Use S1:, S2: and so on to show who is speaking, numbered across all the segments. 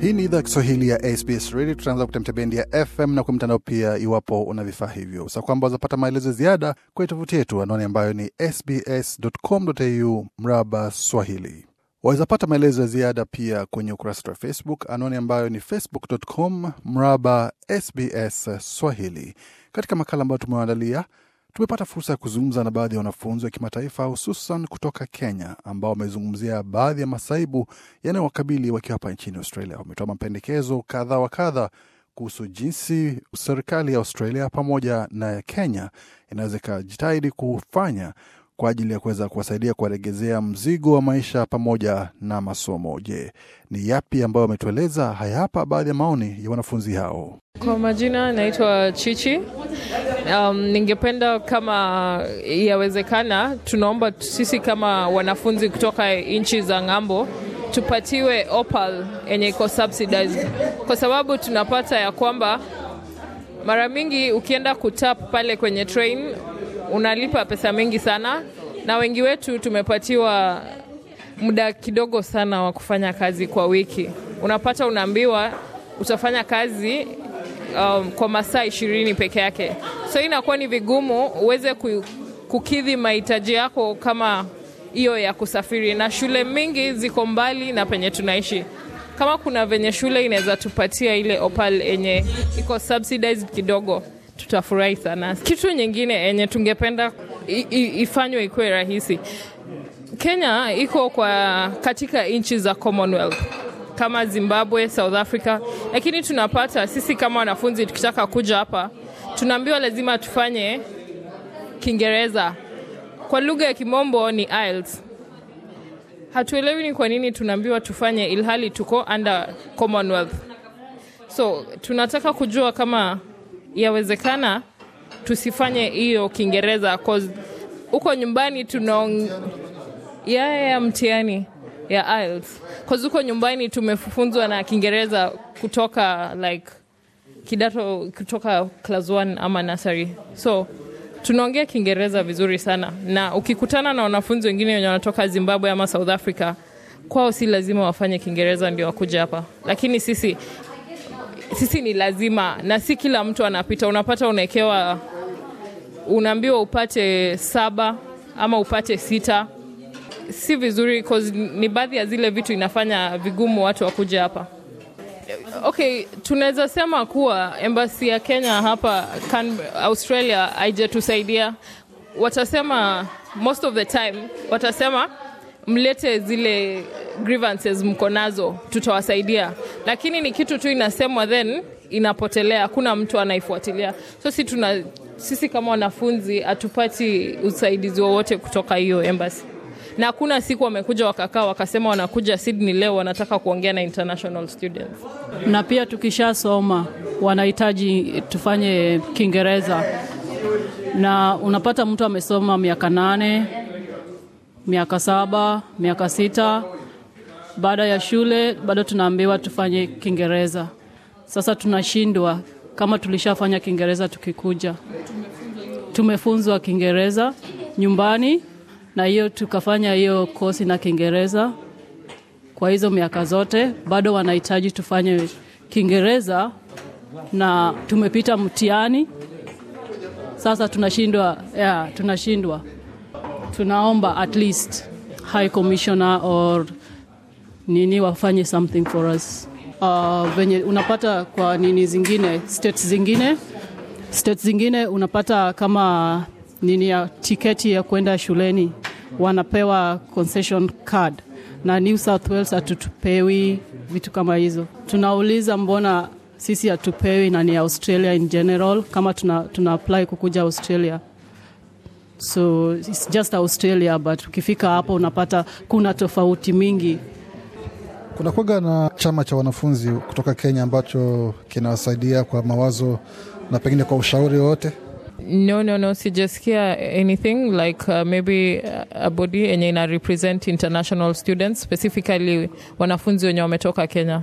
S1: Hii ni idhaa Kiswahili ya SBS Radio, tunaanza kupitia bendi ya FM na kwa mtandao pia, iwapo una vifaa hivyo, sa kwamba wazapata maelezo ziada kwenye tovuti yetu, anwani ambayo ni sbs.com.au mraba swahili. Wawezapata maelezo ya ziada pia kwenye ukurasa wetu wa Facebook, anwani ambayo ni facebook.com mraba sbs swahili. Katika makala ambayo tumewaandalia Tumepata fursa ya kuzungumza na baadhi ya wanafunzi wa kimataifa hususan kutoka Kenya ambao wamezungumzia baadhi ya masaibu yanayowakabili wakiwa hapa nchini Australia. Wametoa mapendekezo kadha wa kadha kuhusu jinsi serikali ya Australia pamoja na Kenya inaweza ikajitahidi kufanya kwa ajili ya kuweza kuwasaidia kuwaregezea mzigo wa maisha pamoja na masomo. Je, ni yapi ambayo wametueleza? Haya hapa baadhi ya maoni ya wanafunzi hao.
S2: Kwa majina naitwa Chichi. Um, ningependa kama yawezekana, tunaomba sisi kama wanafunzi kutoka nchi za ng'ambo tupatiwe opal yenye iko subsidized, kwa sababu tunapata ya kwamba mara mingi ukienda kutap pale kwenye train unalipa pesa mingi sana, na wengi wetu tumepatiwa muda kidogo sana wa kufanya kazi kwa wiki. Unapata unaambiwa utafanya kazi um, kwa masaa ishirini peke yake, so inakuwa ni vigumu uweze kukidhi mahitaji yako kama hiyo ya kusafiri, na shule mingi ziko mbali na penye tunaishi kama kuna venye shule inaweza tupatia ile opal enye iko subsidized kidogo tutafurahi sana. Kitu nyingine enye tungependa ifanywe ikuwe rahisi, Kenya iko kwa katika nchi za Commonwealth kama Zimbabwe, South Africa, lakini tunapata sisi kama wanafunzi tukitaka kuja hapa tunaambiwa lazima tufanye Kiingereza, kwa lugha ya kimombo ni IELTS hatuelewi ni kwa nini tunaambiwa tufanye ilhali tuko under commonwealth so tunataka kujua kama yawezekana tusifanye hiyo kiingereza huko nyumbani tunaong ya ya mtiani ya IELTS cause huko nyumbani tumefunzwa na kiingereza kutoka like kidato kutoka class 1 ama nasari so tunaongea Kiingereza vizuri sana, na ukikutana na wanafunzi wengine wenye wanatoka Zimbabwe ama South Africa, kwao si lazima wafanye Kiingereza ndio wakuja hapa, lakini sisi sisi ni lazima, na si kila mtu anapita. Unapata unaekewa, unaambiwa upate saba ama upate sita. Si vizuri, cause ni baadhi ya zile vitu inafanya vigumu watu wakuja hapa. Okay, tunaweza sema kuwa embasi ya Kenya hapa kan, Australia haijatusaidia. Watasema most of the time watasema mlete zile grievances mko nazo, tutawasaidia, lakini ni kitu tu inasemwa then inapotelea, hakuna mtu anaifuatilia. So si tuna sisi kama wanafunzi hatupati usaidizi wowote kutoka hiyo embasi na hakuna siku wamekuja wakakaa wakasema wanakuja Sydney leo wanataka kuongea na international students.
S3: Na pia tukishasoma wanahitaji tufanye Kiingereza, na unapata mtu amesoma miaka nane, miaka saba, miaka sita, baada ya shule bado tunaambiwa tufanye Kiingereza. Sasa tunashindwa kama tulishafanya Kiingereza tukikuja, tumefunzwa Kiingereza nyumbani na hiyo tukafanya hiyo kosi na Kiingereza kwa hizo miaka zote, bado wanahitaji tufanye Kiingereza na tumepita mtihani sasa, tunashindwa yeah, tunashindwa. Tunaomba at least high commissioner or nini wafanye something for us. Uh, venye unapata kwa nini zingine states zingine states zingine unapata kama nini ya tiketi ya kwenda shuleni wanapewa concession card, na New South Wales hatutupewi vitu kama hizo. Tunauliza mbona sisi hatupewi na ni Australia in general, kama tuna, tuna apply kukuja Australia so it's just Australia, but ukifika hapo unapata kuna tofauti mingi.
S1: Kuna kwaga na chama cha wanafunzi kutoka Kenya ambacho kinawasaidia kwa mawazo na pengine kwa ushauri wowote
S2: No, no, no. Sijasikia anything like uh, maybe uh, a body yenye ina represent international students specifically wanafunzi wenye wametoka Kenya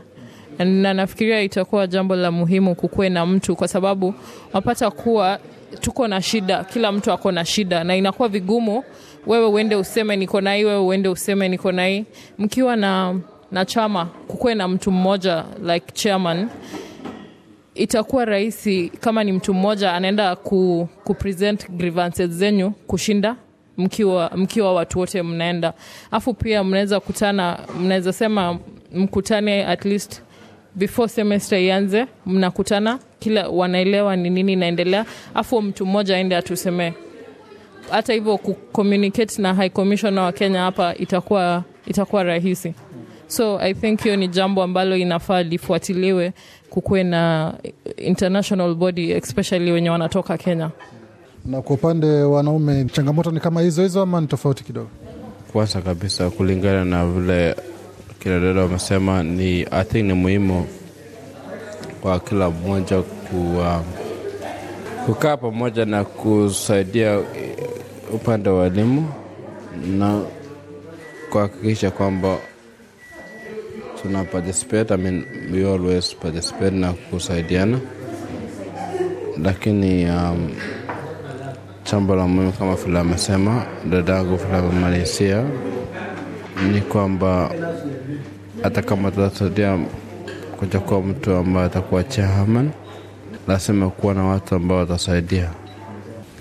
S2: na nafikiria itakuwa jambo la muhimu kukuwe na mtu, kwa sababu wapata kuwa tuko na shida, kila mtu ako na shida, na inakuwa vigumu wewe uende useme niko na wewe uende useme niko na Mkiwa na na chama, kukuwe na mtu mmoja like chairman itakuwa rahisi kama ni mtu mmoja anaenda ku, ku present grievances zenyu kushinda mkiwa, mkiwa watu wote mnaenda afu pia mnaweza kutana mnaweza sema mkutane at least before semester ianze mnakutana kila wanaelewa ni nini inaendelea afu mtu mmoja aende atusemee hata hivyo kucommunicate na high commissioner wa kenya hapa itakuwa itakuwa rahisi so i think hiyo ni jambo ambalo inafaa lifuatiliwe kukuwe na international body especially wenye wanatoka kenya
S1: na kwa upande wanaume changamoto ni kama hizo hizo ama ni tofauti kidogo kwanza
S4: kabisa kulingana na vile kina dada wamesema ni i think ni muhimu kwa kila mmoja ku, um, kukaa pamoja na kusaidia upande wa elimu na kuhakikisha kwamba tuna participate, I mean, we always participate na kusaidiana, lakini um, chambo la muhimu kama vile amesema dadangu vile amemalizia ni kwamba hata kama tutasaidia kuja kuwa mtu ambaye atakuwa chairman, lazima kuwa na watu ambao watasaidia,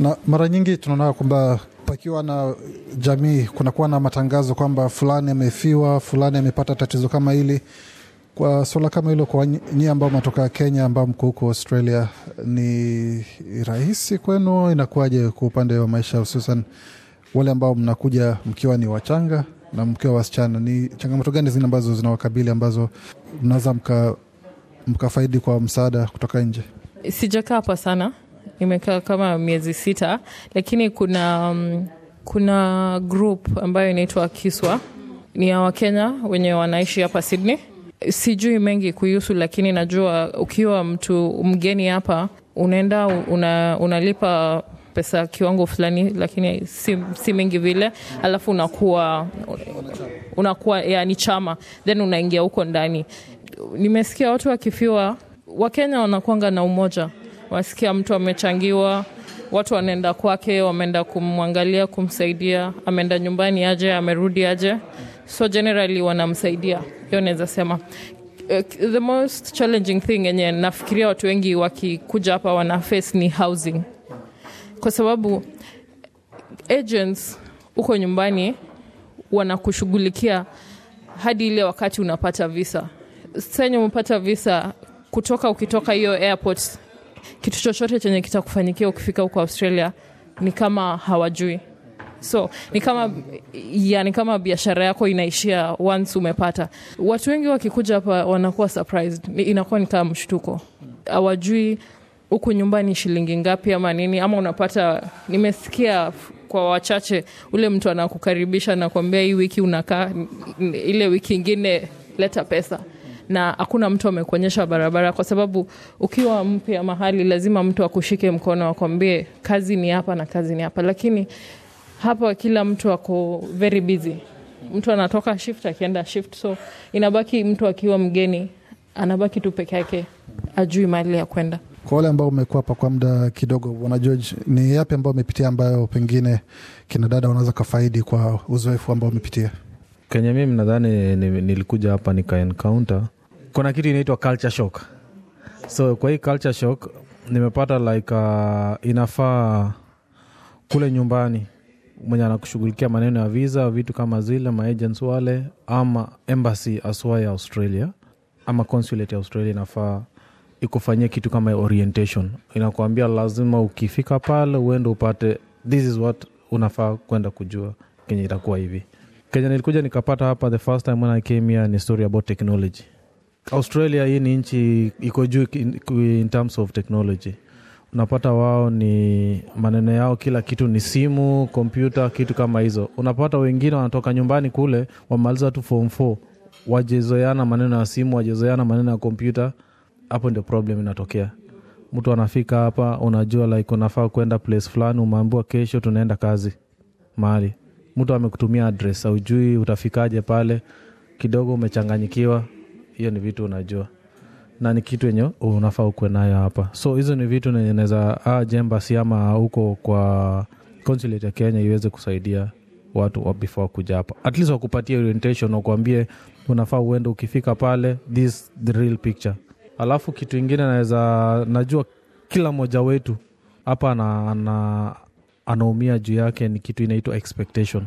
S1: na mara nyingi tunaona kwamba kukiwa na jamii, kunakuwa na matangazo kwamba fulani amefiwa, fulani amepata tatizo kama hili. Kwa suala kama hilo, kwa nyie ambao matoka Kenya, ambao mko huko Australia, ni rahisi kwenu? Inakuwaje kwa upande wa maisha, hususan wale ambao mnakuja mkiwa ni wachanga na mkiwa wasichana? Ni changamoto gani zile ambazo zinawakabili ambazo mnaweza mka, mkafaidi kwa msaada kutoka nje?
S2: Sijakaa hapa sana, imekaa kama miezi sita, lakini kuna um, kuna group ambayo inaitwa Kiswa, ni ya Wakenya wenye wanaishi hapa Sydney. Sijui mengi kuihusu, lakini najua ukiwa mtu mgeni hapa unaenda una, unalipa pesa kiwango fulani, lakini si, si mingi vile, alafu unakuwa unakuwa yani chama then unaingia huko ndani. Nimesikia watu wakifiwa, Wakenya wanakwanga na umoja, wasikia mtu amechangiwa watu wanaenda kwake, wameenda kumwangalia, kumsaidia, ameenda nyumbani aje, amerudi aje, so generally wanamsaidia. Hiyo naweza sema eh, the most challenging thing yenye nafikiria watu wengi wakikuja hapa wana face ni housing, kwa sababu agents huko nyumbani wanakushughulikia hadi ile wakati unapata visa. Sasa umepata visa kutoka, ukitoka hiyo airport kitu chochote chenye kitakufanikia ukifika huko australia ni kama hawajui so ni kama ni kama biashara yako inaishia once umepata watu wengi wakikuja hapa wanakuwa surprised inakuwa ni kama mshtuko hawajui huku nyumbani shilingi ngapi ama nini ama unapata nimesikia kwa wachache ule mtu anakukaribisha nakuambia hii wiki unakaa ile wiki ingine leta pesa na hakuna mtu amekuonyesha barabara, kwa sababu ukiwa mpya mahali lazima mtu akushike mkono akwambie kazi ni hapa na kazi ni hapa, lakini hapa kila mtu ako very busy. Mtu anatoka shift akienda shift, so inabaki mtu akiwa mgeni anabaki tu peke yake, ajui mahali ya kwenda.
S1: Kwa wale ambao umekuwa hapa kwa muda kidogo, bwana George, ni yapi ambao umepitia ambayo pengine kina dada wanaweza kafaidi kwa uzoefu ambao umepitia?
S5: Kenye mimi nadhani nilikuja hapa nika encounter kuna kitu inaitwa culture shock so kwa hii culture shock nimepata like uh, inafaa kule nyumbani mwenye anakushughulikia maneno ya visa vitu kama zile maagents wale ama embassy aswa ya australia ama consulate ya australia inafaa ikufanyia kitu kama orientation inakuambia lazima ukifika pale uende upate this is what unafaa kwenda kujua kenye itakuwa hivi kenya nilikuja nikapata hapa the first time when i came here ni story about technology australia hii ni nchi iko juu in, terms of technology unapata wao ni maneno yao kila kitu ni simu kompyuta kitu kama hizo unapata wengine wanatoka nyumbani kule wamaliza tu form f wajezoeana maneno ya simu wajezoeana maneno ya kompyuta hapo ndio problem inatokea mtu anafika hapa unajua like unafaa kwenda place fulani umeambiwa kesho tunaenda kazi mahali mtu amekutumia adres aujui utafikaje pale kidogo umechanganyikiwa hiyo ni vitu unajua na ni kitu yenye unafaa ukuwe nayo hapa so hizo ni vitu nenyeneza jembasi ama huko kwa consulate ya kenya iweze kusaidia watu wa before wakuja hapa at least wakupatie orientation wakuambie unafaa uende ukifika pale this the real picture alafu kitu ingine naweza najua kila mmoja wetu hapa ana, ana, anaumia juu yake ni kitu inaitwa expectation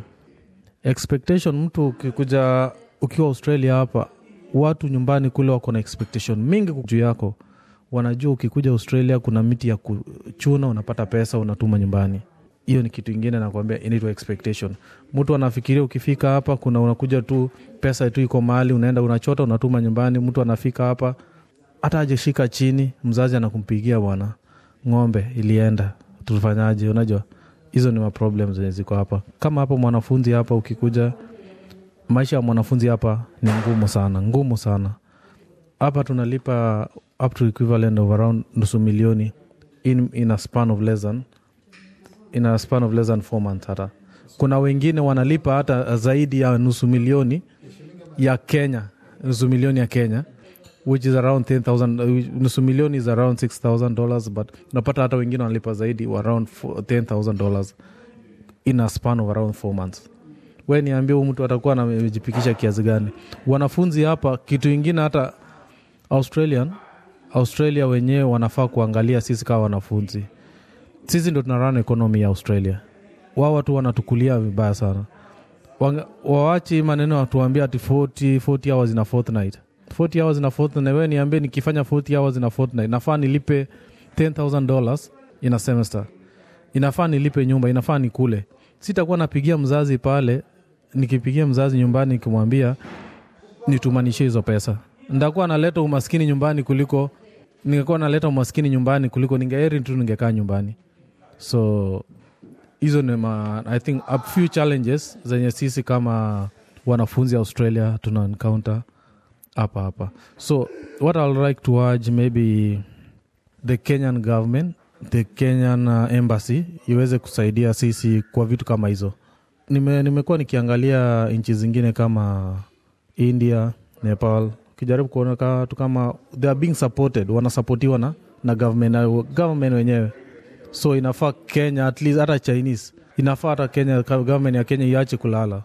S5: expectation mtu ukikuja ukiwa australia hapa watu nyumbani kule wako na expectation mingi juu yako wanajua ukikuja australia kuna miti ya kuchuna unapata pesa unatuma nyumbani hiyo ni kitu ingine nakuambia inaitwa expectation mtu anafikiria ukifika hapa kuna unakuja tu pesa tu iko mahali unaenda unachota unatuma nyumbani mtu anafika hapa hata ajeshika chini mzazi anakumpigia bwana ng'ombe ilienda tufanyaje unajua hizo ni maproblem zenye ziko hapa kama hapo mwanafunzi hapa ukikuja maisha ya mwanafunzi hapa ni ngumu sana, ngumu sana. Hapa tunalipa up to equivalent of around nusu milioni in, in a span of less than in a span of less four months. Hata kuna wengine wanalipa hata zaidi ya nusu milioni ya Kenya, nusu milioni ya Kenya which is around 10,000 nusu milioni is around 6,000 dollars but unapata hata wengine wanalipa zaidi around 10,000 dollars in a span of around 4 months we niambie huu mtu atakuwa namejipikisha kiasi gani wanafunzi hapa kitu ingine hata australian australia wenyewe wanafaa kuangalia sisi kama wanafunzi sisi ndo tunaran ekonomi ya australia wao watu wanatukulia vibaya sana wawachi maneno watuambia ati 40, 40 hours na fortnight 40 hours na fortnight we niambie nikifanya 40 hours na fortnight nafaa nilipe 10000 dollars in a semester inafaa nilipe nyumba inafaa nikule sitakuwa napigia mzazi pale nikipigia mzazi nyumbani nikimwambia nitumanishe hizo pesa, ndakuwa naleta umaskini nyumbani kuliko ningekuwa naleta umaskini nyumbani kuliko ningeheri tu ningekaa nyumbani. So hizo ni ma, I think a few challenges zenye sisi kama wanafunzi Australia tuna encounter hapa hapa. So what I'll like to urge maybe the Kenyan government the Kenyan uh, embassy iweze kusaidia sisi kwa vitu kama hizo nimekuwa nime, nikiangalia nchi zingine kama india nepal ukijaribu kuona katu kama they are being supported wanasapotiwa na, na government, na government wenyewe so inafaa kenya at least hata chinese inafaa hata kenya government ya kenya iache kulala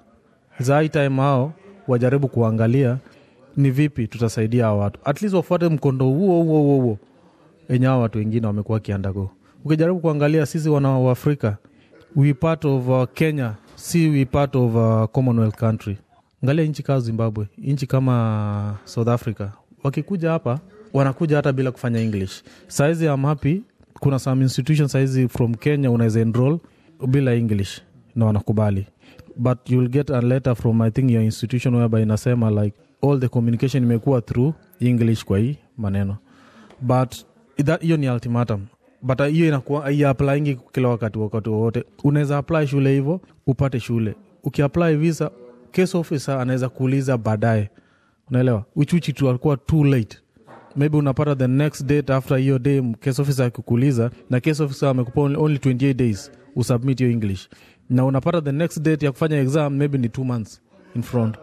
S5: zai time hao wajaribu kuangalia ni vipi tutasaidia hawa watu at least wafuate mkondo huo huo huo huo enye hawa watu wengine wamekuwa kiandago ukijaribu kuangalia sisi wana waafrika we part of uh, kenya si we part of a commonwealth country ngalia nchi kaa zimbabwe nchi kama south africa wakikuja hapa wanakuja hata bila kufanya english saizi am happy kuna some institution saizi from kenya unaweza enrol bila english na wanakubali but youll get a letter from i think your institution whereby inasema like all the communication imekuwa through english kwa hii maneno but hiyo ni ultimatum but uh, hiyo inakuwa uh, haiaplaingi kila wakati, wakati wowote unaweza apply shule hivo upate shule. Ukiapply visa, case officer anaweza kuuliza baadaye, unaelewa, uchuchi which itakuwa too late maybe unapata the next date after hiyo day, case officer akikuuliza, na case officer amekupa only 28 days usubmit hiyo English, na unapata the next date ya kufanya exam maybe ni two months in front.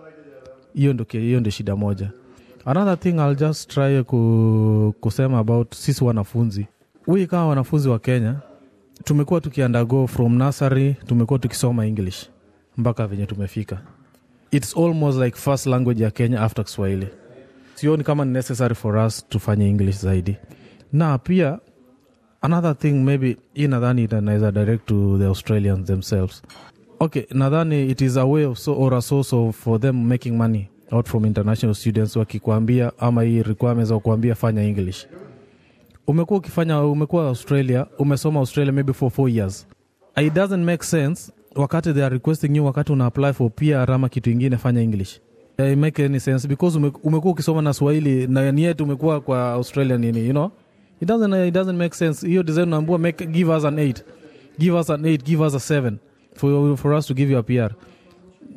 S5: Hiyo ndo hiyo ndo shida moja. Another thing I'll just try ku, kusema about sisi wanafunzi wii kama wanafunzi wa Kenya tumekuwa tukiandago from nasary tumekuwa tukisoma English mpaka venye tumefika. It's almost like first language ya Kenya after Kiswahili. Sioni kama ni necessary for us tufanye English zaidi, na pia another thing maybe hii nadhani inaweza direct to the Australians themselves. ok nadhani it is a way of so, or a source of for them making money out from international students, wakikwambia ama hii requirements wakuambia fanya English umekuwa ukifanya, umekuwa Australia, umesoma Australia maybe for four years, it doesn't make sense wakati they are requesting you, wakati una apply for pia rama kitu ingine, fanya English it make any sense because umekuwa ukisoma na Swahili na ni yetu umekuwa kwa Australia nini, you know it doesn't, it doesn't make sense. Hiyo design unaambiwa make give us an 8 give us an 8 give us a 7 for, for us to give you a PR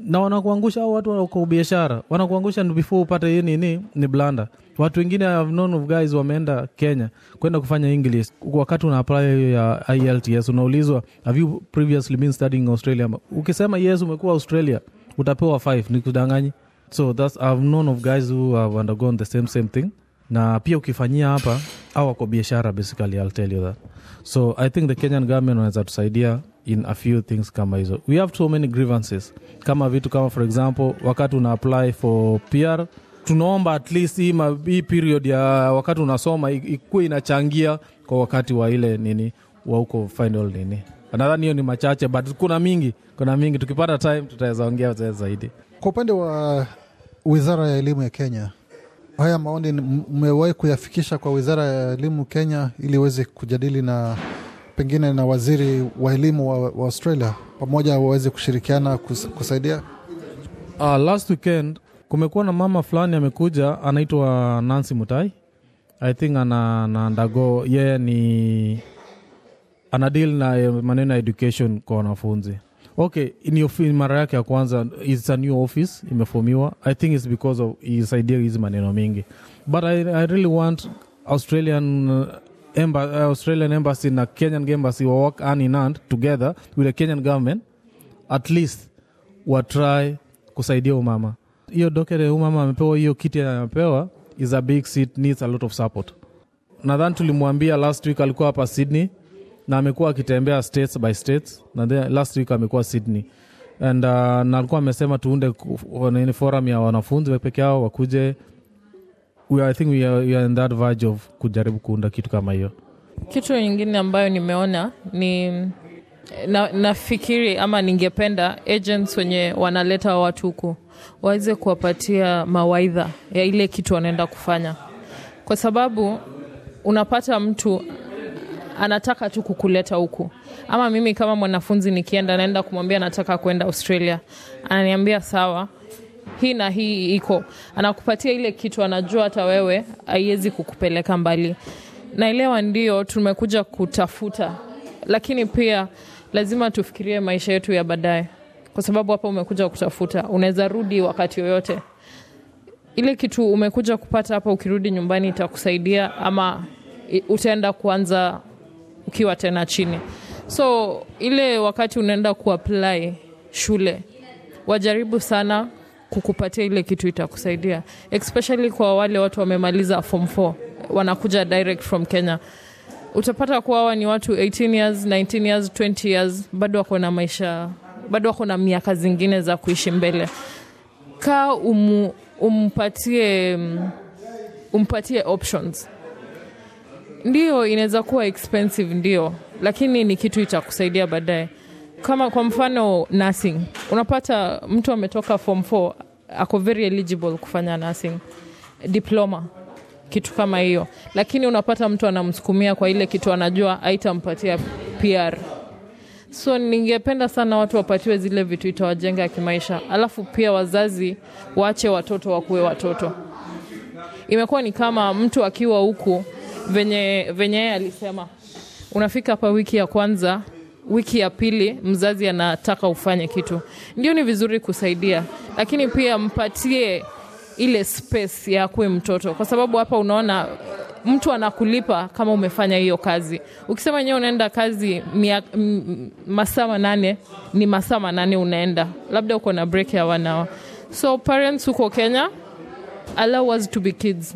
S5: na wanakuangusha au watu kwa biashara wanakuangusha before upate hii nini ni blanda Watu wengine I've guys wameenda Kenya kwenda kufanya English. Wakati una apply hiyo ya IELTS unaulizwa have you previously been studying Australia? Ukisema yes, umekuwa Australia, utapewa 5 nikudanganyi. So that's I've known of guys who have undergone the same same thing. Na pia ukifanyia hapa au wako biashara basically, I'll tell you that. So I think the Kenyan government wanaweza tusaidia in a few things kama hizo. We have so many grievances kama vitu kama for example, wakati una apply for PR tunaomba at least hii, ma, period ya wakati unasoma ikuwe inachangia kwa wakati wa ile nini wa huko final nini. Nadhani hiyo ni machache, but kuna mingi, kuna mingi. Tukipata time tutaweza ongea zaidi.
S1: Kwa upande wa wizara ya elimu ya Kenya, haya maoni mmewahi kuyafikisha kwa wizara ya elimu Kenya ili iweze kujadili na pengine na waziri wa elimu wa, wa Australia pamoja waweze kushirikiana kus, kusaidia? Uh,
S5: last weekend kumekuwa na mama fulani amekuja anaitwa Nancy Mutai I think ana, ana undergo yeye ni ana deal na maneno ya education kwa wanafunzi ok mara yake ya kwanza it's a new office imefomiwa i think it's because of isaidia hizi maneno mingi but I, i really want australian embassy, australian embassy na kenyan embassy wa work an in and together with the kenyan government at least watry kusaidia umama hiyo dokere huu mama amepewa hiyo kiti anayopewa is a big seat, needs a lot of support. Nadhani tulimwambia last week, alikuwa hapa Sydney na amekuwa akitembea states by states, na then last week amekuwa Sydney and uh, na alikuwa amesema tuunde nini forum ya wanafunzi peke yao wakuje. We, I think we are, we are in that verge of kujaribu kuunda kitu kama hiyo.
S2: Kitu nyingine ambayo nimeona ni na, nafikiri ama ningependa agents wenye wanaleta watu huku waweze kuwapatia mawaidha ya ile kitu wanaenda kufanya, kwa sababu unapata mtu anataka tu kukuleta huku. Ama mimi kama mwanafunzi nikienda, naenda kumwambia nataka kwenda Australia, ananiambia sawa, hii na hii iko, anakupatia ile kitu, anajua hata wewe haiwezi kukupeleka mbali. Naelewa ndio tumekuja kutafuta, lakini pia lazima tufikirie maisha yetu ya baadaye kwa sababu hapa umekuja kutafuta, unaweza rudi wakati yoyote. Ile kitu umekuja kupata hapa, ukirudi nyumbani itakusaidia ama utaenda kuanza ukiwa tena chini. So ile wakati unaenda kuapply shule, wajaribu sana kukupatia ile kitu itakusaidia, especially kwa wale watu wamemaliza form 4 wanakuja direct from Kenya. Utapata kuwa hawa ni watu 18 years, 19 years, 20 years, bado wako na maisha bado na miaka zingine za kuishi mbele kaa um, umpatie umpatie options ndio inaweza kuwa expensive ndio lakini ni kitu itakusaidia baadaye kama kwa mfano nursing unapata mtu ametoka form 4 ako very eligible kufanya nursing diploma kitu kama hiyo lakini unapata mtu anamsukumia kwa ile kitu anajua aitampatia pr So ningependa sana watu wapatiwe zile vitu itawajenga kimaisha, alafu pia wazazi waache watoto wakuwe watoto. Imekuwa ni kama mtu akiwa huku venye venye yeye alisema, unafika hapa wiki ya kwanza, wiki ya pili mzazi anataka ufanye kitu. Ndio, ni vizuri kusaidia, lakini pia mpatie ile space ya akuwe mtoto, kwa sababu hapa unaona mtu anakulipa kama umefanya hiyo kazi. Ukisema wenyewe unaenda kazi masaa manane, ni masaa manane unaenda, labda uko na break ya one hour. So parents huko Kenya, allow us to be kids,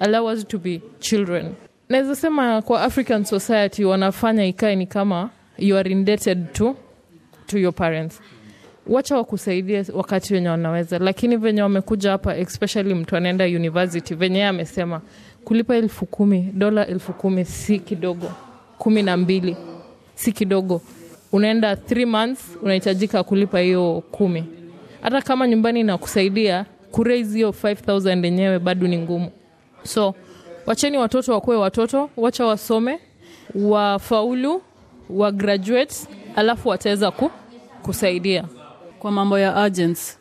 S2: allow us to be children. Naweza sema kwa African society wanafanya ikae ni kama you are indebted to, to your parents wacha wakusaidia wakati wenye wanaweza, lakini venye wamekuja hapa, especially mtu anaenda university, venye ye amesema kulipa elfu kumi dola elfu kumi si kidogo, kumi na mbili si kidogo. Unaenda three months unahitajika kulipa hiyo kumi. Hata kama nyumbani inakusaidia kuraise hiyo 5000 yenyewe bado ni ngumu, so wacheni watoto wakuwe watoto, wacha wasome, wafaulu, wa graduate,
S3: alafu wataweza ku, kusaidia Kwa mambo ya agents,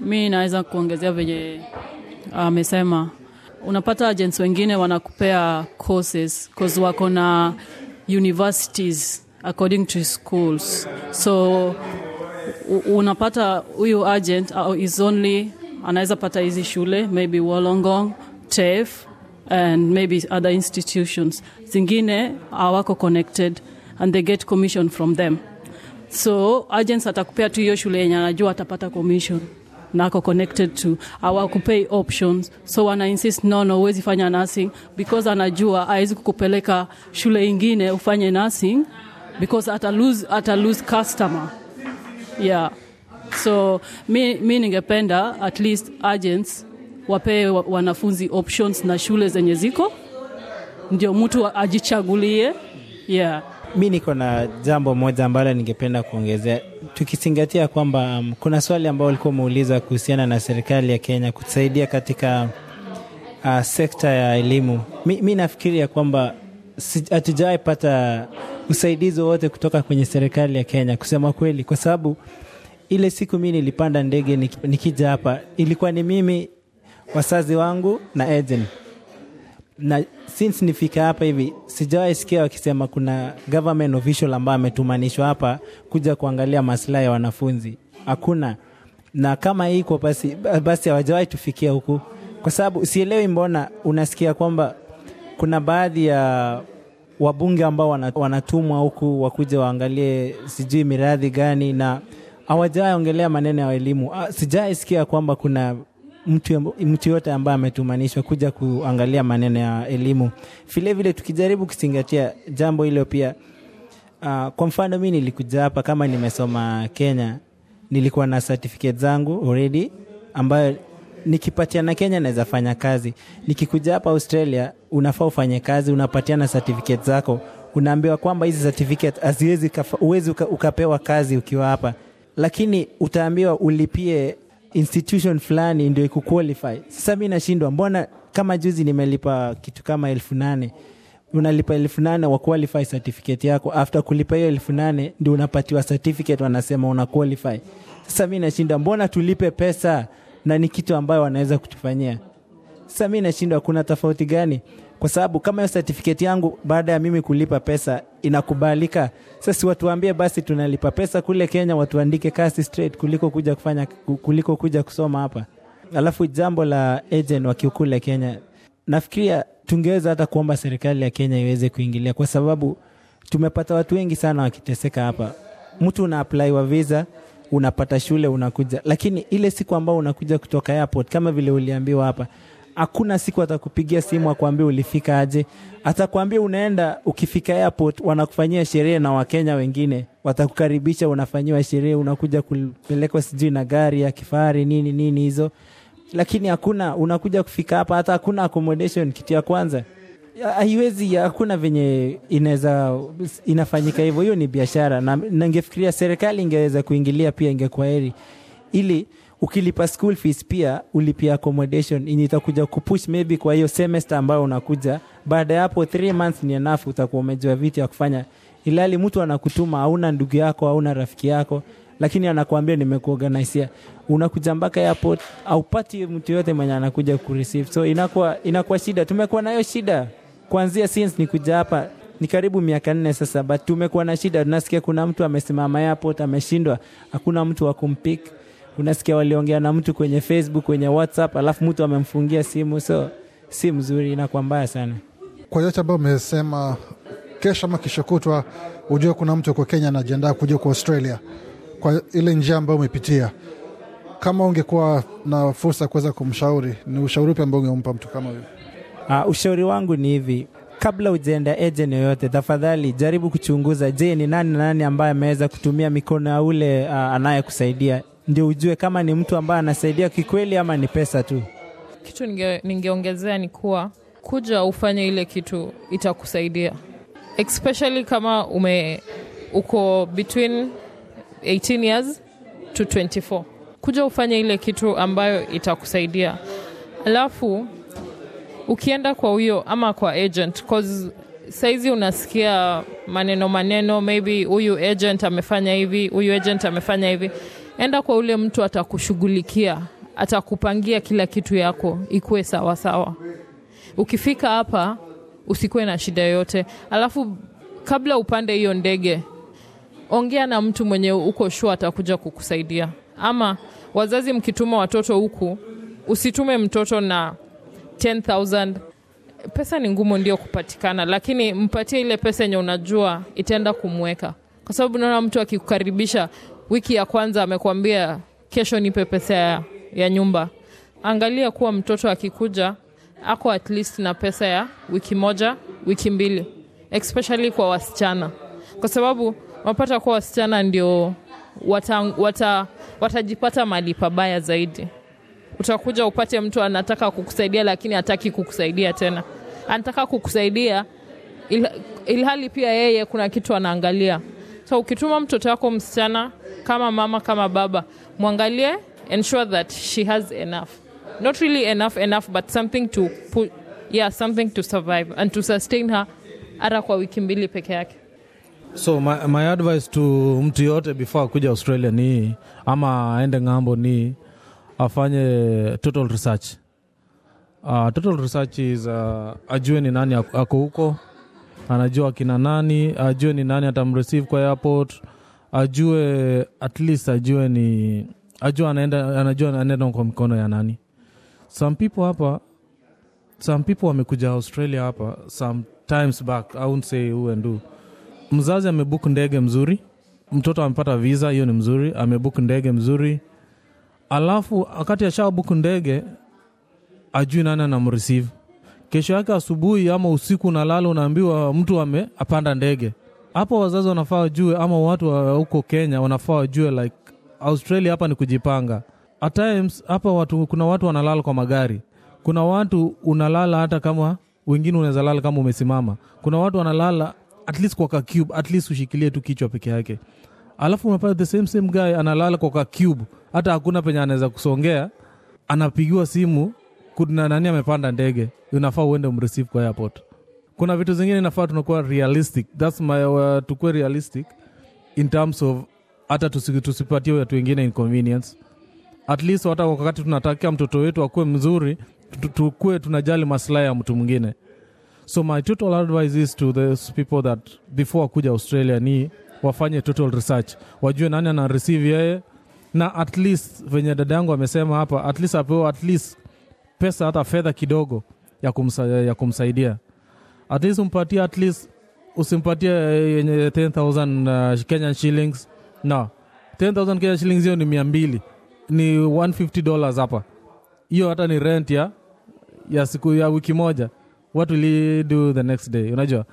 S3: mi naweza kuongezea venye ah, amesema. Uh, unapata agents wengine wanakupea courses cause wako na universities according to schools, so unapata huyu agent ah, is only anaweza pata hizi shule maybe Wollongong, TEF and maybe other institutions zingine awako connected and they get commission from them so agents atakupea tu hiyo shule yenye anajua atapata commission na ako connected to hawakupei options so wana insist no no fanya nursing because anajua awezi kukupeleka shule ingine ufanye nursing because ata lose, ata lose customer yeah so mi, mi ningependa at least agents wapee wanafunzi options na shule zenye ziko ndio mtu ajichagulie yeah
S4: mi niko na jambo moja ambalo ningependa kuongezea, tukizingatia kwamba um, kuna swali ambao ulikuwa umeuliza kuhusiana na serikali ya Kenya kusaidia katika uh, sekta ya elimu. Mi, mi nafikiria kwamba hatujawaipata pata usaidizi wowote kutoka kwenye serikali ya Kenya kusema kweli, kwa sababu ile siku mi nilipanda ndege nikija hapa ilikuwa ni mimi, wasazi wangu na Eden na since nifika hapa hivi sijawahi sikia wakisema kuna government official ambayo ametumanishwa hapa kuja kuangalia maslahi ya wanafunzi. Hakuna, na kama iko basi basi hawajawahi tufikia huku, kwa sababu sielewi mbona unasikia kwamba kuna baadhi ya wabunge ambao wanatumwa huku wakuja waangalie sijui miradhi gani, na hawajawahi ongelea maneno ya elimu. Ah, sijawahi sikia kwamba kuna mtu, yote ambaye ametumanishwa kuja kuangalia maneno ya elimu. Vilevile tukijaribu kuzingatia jambo hilo pia uh, kwa mfano mi nilikuja hapa kama nimesoma Kenya, nilikuwa na certificate zangu already ambayo nikipatiana Kenya naweza fanya kazi. Nikikuja hapa Australia, unafaa ufanye kazi, unapatiana certificate zako, unaambiwa kwamba hizi certificate haziwezi, uwezi uka, ukapewa kazi ukiwa hapa, lakini utaambiwa ulipie institution fulani ndio ikuqualify. Sasa mi nashindwa, mbona kama juzi nimelipa kitu kama elfu nane unalipa elfu nane wa qualify certificate yako, after kulipa hiyo elfu nane ndio unapatiwa certificate, wanasema una qualify. Sasa mi nashindwa mbona tulipe pesa na ni kitu ambayo wanaweza kutufanyia? Sasa mi nashindwa, kuna tofauti gani? kwa sababu kama hiyo certificate yangu baada ya mimi kulipa pesa inakubalika, sasa watuambie basi tunalipa pesa kule Kenya watuandike kazi straight kuliko kuja kufanya kuliko kuja kusoma hapa. Alafu jambo la agent wa wakiukule Kenya, nafikiria tungeweza hata kuomba serikali ya Kenya iweze kuingilia, kwa sababu tumepata watu wengi sana wakiteseka hapa. Mtu una apply wa visa unapata shule unakuja, lakini ile siku ambayo unakuja kutoka airport, kama vile uliambiwa hapa hakuna siku atakupigia simu akwambia ulifika aje, atakwambia unaenda. Ukifika airport wanakufanyia sherehe na Wakenya wengine watakukaribisha, unafanyiwa sherehe, unakuja kupelekwa sijui na gari ya kifahari nini nini hizo, lakini hakuna unakuja kufika hapa, hata hakuna accommodation, kitu ya kwanza haiwezi hakuna venye inaweza inafanyika hivyo. Hiyo ni biashara, na ningefikiria serikali ingeweza kuingilia pia, ingekuwa heri ili ukilipa school fees pia ulipia accommodation yenye itakuja kupush maybe kwa hiyo semester ambayo unakuja baada ya hapo 3 months ni enough utakuwa umejua vitu ya kufanya ilali mtu anakutuma auna ndugu yako auna rafiki yako lakini anakuambia nimekuorganisia unakuja mpaka airport aupati mtu yote mwenye anakuja kureceive so inakuwa, inakuwa shida tumekuwa nayo shida kuanzia since nikuja hapa ni karibu miaka nne sasa but tumekuwa na shida tunasikia kuna mtu amesimama airport ameshindwa hakuna mtu wa kumpika unasikia waliongea na mtu kwenye Facebook, kwenye WhatsApp, alafu mtu amemfungia simu, so si mzuri, inakuwa mbaya sana.
S1: Kwa yote ambayo umesema, kesho ama kesho kutwa, hujue kuna mtu uko Kenya anajiandaa kuja kwa Australia kwa ile njia ambayo umepitia, kama ungekuwa na fursa ya kuweza kumshauri, ni ushauri upi ambao ungempa mtu kama huyo? Uh, ah, ushauri wangu ni hivi
S4: Kabla ujaenda agent yoyote, tafadhali jaribu kuchunguza, je, ni nani na nani ambaye ameweza kutumia mikono ya ule uh, anayekusaidia ndio ujue kama ni mtu ambaye anasaidia kikweli ama ni pesa tu.
S2: Kitu ningeongezea ninge ni kuwa kuja ufanye ile kitu itakusaidia, especially kama ume uko between 18 years to 24. Kuja ufanye ile kitu ambayo itakusaidia, alafu ukienda kwa huyo ama kwa agent cause saizi unasikia maneno maneno, maybe huyu agent amefanya hivi, huyu agent amefanya hivi enda kwa ule mtu atakushughulikia, atakupangia kila kitu yako ikuwe sawasawa. Ukifika hapa usikuwe na shida yoyote. Alafu kabla upande hiyo ndege, ongea na mtu mwenye uko shua atakuja kukusaidia. Ama wazazi mkituma watoto huku, usitume mtoto na 10,000 pesa ni ngumu ndio kupatikana, lakini mpatie ile pesa yenye unajua itaenda kumweka, kwa sababu naona mtu akikukaribisha wiki ya kwanza amekuambia kesho nipe pesa ya, ya nyumba, angalia kuwa mtoto akikuja ako at least na pesa ya wiki moja wiki mbili, especially kwa wasichana, kwa sababu unapata kuwa wasichana ndio watajipata wata, wata mali pabaya zaidi. Utakuja upate mtu anataka kukusaidia, lakini hataki kukusaidia tena, anataka kukusaidia il, ilhali pia yeye kuna kitu anaangalia. So ukituma mtoto wako msichana kama mama kama baba mwangalie ensure that she has enough not really enough enough but something to put, yeah something to survive and to sustain her hata kwa wiki mbili peke yake
S5: so my, my advice to mtu yote before akuja australia ni ama aende ng'ambo ni afanye total research uh, total research is uh, ajue ni nani ako huko anajua kina nani ajue ni nani atamreceive kwa airport ajue at least ajue ni ajue anaenda, anajua anaenda kwa mikono ya nani some people hapa some people wamekuja australia hapa times back i won't say who and who mzazi amebook ndege mzuri mtoto amepata visa hiyo ni mzuri amebook ndege mzuri alafu wakati buk ndege ajui nani anamreceive kesho yake asubuhi ama usiku unalala unaambiwa mtu ame apanda ndege hapo wazazi wanafaa wajue, ama watu wa Kenya wanafaa wajue like Australia hapa ni kujipanga. At times hapa watu, kuna watu wanalala kwa magari, kuna watu unalala hata kama wengine unaweza lala kama umesimama, kuna watu wanalala at least kwa kakube, at least ushikilie tu kichwa peke yake, alafu unapata the same same guy analala kwa kakube, hata hakuna penye anaweza kusongea, anapigiwa simu kuna nani amepanda ndege, unafaa uende umreceive kwa airport kuna vitu zingine inafaa tunakuwa realistic thats my uh, tukuwe realistic in terms of hata tusipatie watu wengine inconvenience at least hata wakati tunatakia mtoto wetu akuwe mzuri tukuwe tunajali masilahi ya mtu mwingine so my total advice is to these people that before akuja australia ni wafanye total research wajue nani ana receive yeye na at least venye dada yangu amesema hapa at least apewe at least pesa hata fedha kidogo ya, kumsa, ya kumsaidia at least umpatie at least usimpatie eh, yenye 10000 uh, kenyan shillings no 10000 kenyan shillings hiyo ni mia ni 150 dollars hapa hiyo hata ni rent ya ya siku ya wiki moja what will he do the next day unajua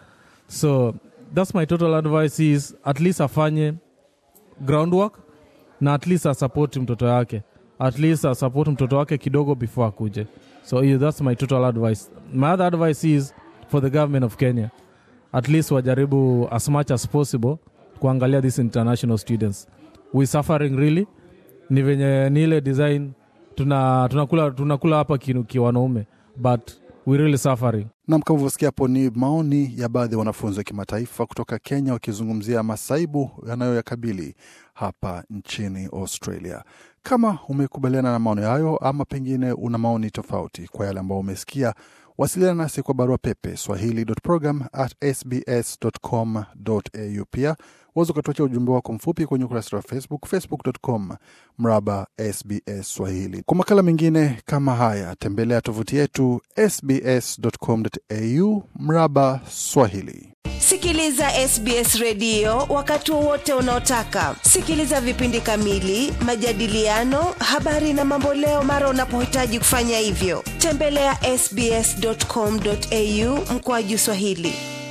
S5: so that's my total advice is at least afanye groundwork na at least him mtoto yake at least him mtoto wake kidogo before akuje so that's my total advice my other advice is for the government of Kenya, at least wajaribu as much as possible kuangalia these international students. We suffering really ni venye ni ile design tuna, tunakula, tunakula hapa kinuki wanaume but we really suffering.
S1: Nam, kama ulivyosikia hapo, ni maoni ya baadhi ya wanafunzi wa kimataifa kutoka Kenya wakizungumzia masaibu yanayoyakabili hapa nchini Australia. Kama umekubaliana na maoni hayo ama pengine una maoni tofauti kwa yale ambayo umesikia Wasiliana nasi kwa barua pepe swahili.program@sbs.com.au. Pia waweza ukatuachia ujumbe wako mfupi kwenye ukurasa wa Facebook, facebook.com mraba SBS Swahili. Kwa makala mengine kama haya, tembelea tovuti yetu sbs.com.au mraba Swahili.
S2: Sikiliza SBS redio wakati wowote unaotaka. Sikiliza vipindi kamili, majadiliano, habari na mamboleo mara
S3: unapohitaji kufanya hivyo. Tembelea sbs.com.au mkoaju Swahili.